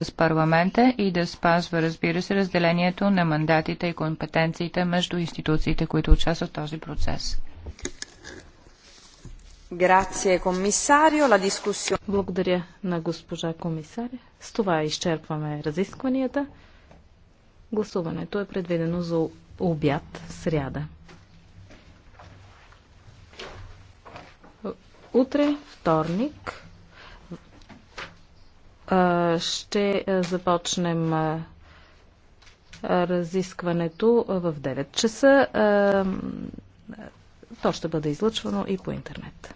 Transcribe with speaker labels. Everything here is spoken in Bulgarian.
Speaker 1: с парламента и да спазва, разбира се, разделението на мандатите и компетенциите между институциите, които участват в този процес.
Speaker 2: Благодаря на госпожа комисаря. С това изчерпваме разискванията. Гласуването е предвидено за обяд сряда. Утре, вторник, ще започнем разискването в 9 часа. То ще бъде излъчвано и по интернет.